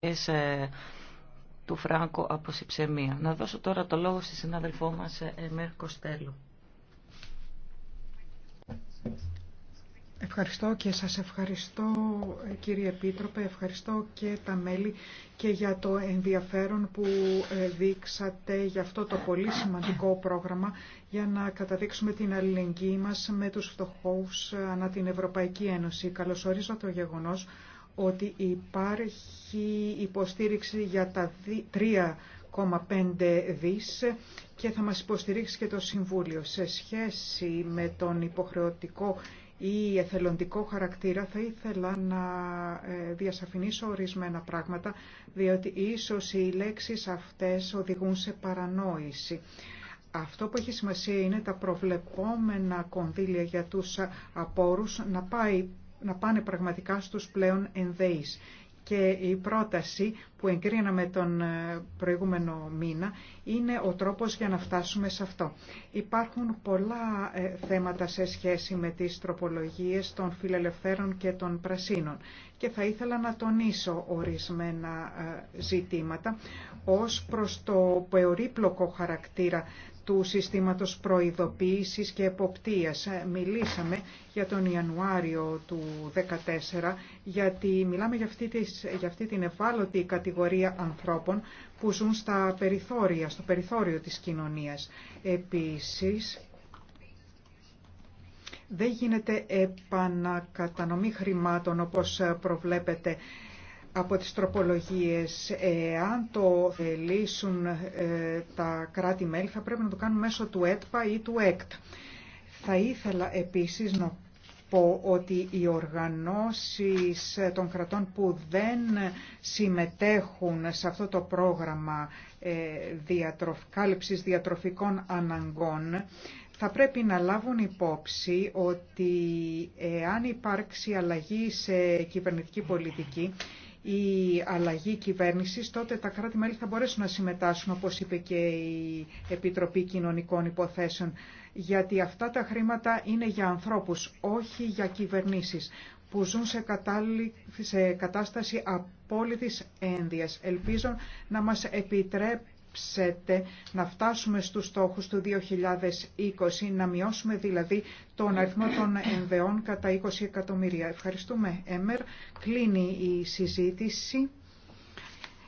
Ε, του Φράγκο από Συψεμία. Να δώσω τώρα το λόγο στη συνάδελφό μας ε, ε, Μέρ Κοστέλου. Ευχαριστώ και σας ευχαριστώ κύριε Επίτροπε, ευχαριστώ και τα μέλη και για το ενδιαφέρον που δείξατε για αυτό το πολύ σημαντικό πρόγραμμα για να καταδείξουμε την αλληλεγγύη μας με τους φτωχούς ανά την Ευρωπαϊκή Ένωση. Καλωσορίζω το γεγονός ότι υπάρχει υποστήριξη για τα 3,5 δις και θα μας υποστηρίξει και το Συμβούλιο. Σε σχέση με τον υποχρεωτικό ή εθελοντικό χαρακτήρα θα ήθελα να ε, διασαφηνίσω ορισμένα πράγματα, διότι ίσως οι λέξεις αυτές οδηγούν σε παρανόηση. Αυτό που έχει σημασία είναι τα προβλεπόμενα κονδύλια για τους απόρους να πάει να πάνε πραγματικά στους πλέον ενδέεις και η πρόταση που εγκρίναμε τον ε, προηγούμενο μήνα είναι ο τρόπος για να φτάσουμε σε αυτό. Υπάρχουν πολλά ε, θέματα σε σχέση με τις τροπολογίες των φιλελευθέρων και των πρασίνων και θα ήθελα να τονίσω ορισμένα ε, ζητήματα ως προς το περίπλοκο χαρακτήρα του συστήματος προειδοποίησης και εποπτείας. Μιλήσαμε για τον Ιανουάριο του 2014, γιατί μιλάμε για αυτή τη για αυτή την ευάλωτη κατηγορία ανθρώπων που ζουν στα περιθώρια, στο περιθώριο της κοινωνίας. Επίσης, δεν γίνεται επανακατανομή χρημάτων όπως προβλέπεται από τις τροπολογίες. Εάν το λύσουν ε, τα κράτη-μέλη θα πρέπει να το κάνουν μέσω του ΕΤΠΑ ή του ΕΚΤ. Θα ήθελα επίσης να πω ότι οι οργανώσεις των κρατών που δεν συμμετέχουν σε αυτό το πρόγραμμα ε, διατροφ, διατροφικών αναγκών θα πρέπει να λάβουν υπόψη ότι αν υπάρξει αλλαγή σε κυβερνητική πολιτική η αλλαγή κυβέρνησης, τότε τα κράτη-μέλη θα μπορέσουν να συμμετάσχουν, όπως είπε και η Επιτροπή Κοινωνικών Υποθέσεων, γιατί αυτά τα χρήματα είναι για ανθρώπους, όχι για κυβερνήσει, που ζουν σε, κατάσταση απόλυτης ένδυας. Ελπίζω να μας επιτρέψει ψέτε να φτάσουμε στους στόχους του 2020, να μειώσουμε δηλαδή τον αριθμό των εμβεών κατά 20 εκατομμύρια. Ευχαριστούμε, Έμερ. Κλείνει η συζήτηση,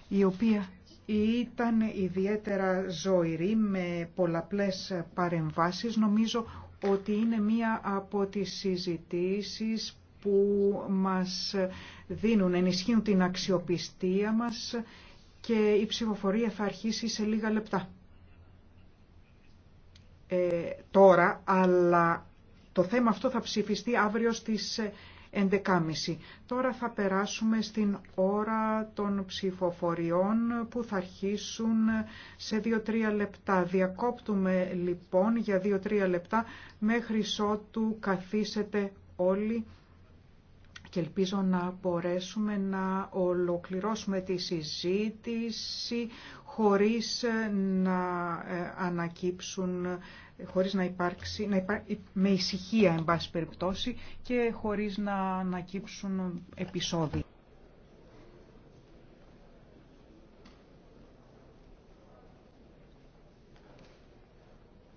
η οποία ήταν ιδιαίτερα ζωηρή με πολλαπλές παρεμβάσεις. Νομίζω ότι είναι μία από τις συζητήσεις που μας δίνουν, ενισχύουν την αξιοπιστία μας και η ψηφοφορία θα αρχίσει σε λίγα λεπτά. Ε, τώρα, αλλά το θέμα αυτό θα ψηφιστεί αύριο στις 11.30. Ε, τώρα θα περάσουμε στην ώρα των ψηφοφοριών που θα αρχίσουν σε 2-3 λεπτά. Διακόπτουμε λοιπόν για 2-3 λεπτά μέχρι ότου καθίσετε όλοι και ελπίζω να μπορέσουμε να ολοκληρώσουμε τη συζήτηση χωρίς να ε, ανακύψουν, χωρίς να υπάρξει, να με ησυχία εν πάση περιπτώσει και χωρίς να ανακύψουν επεισόδια.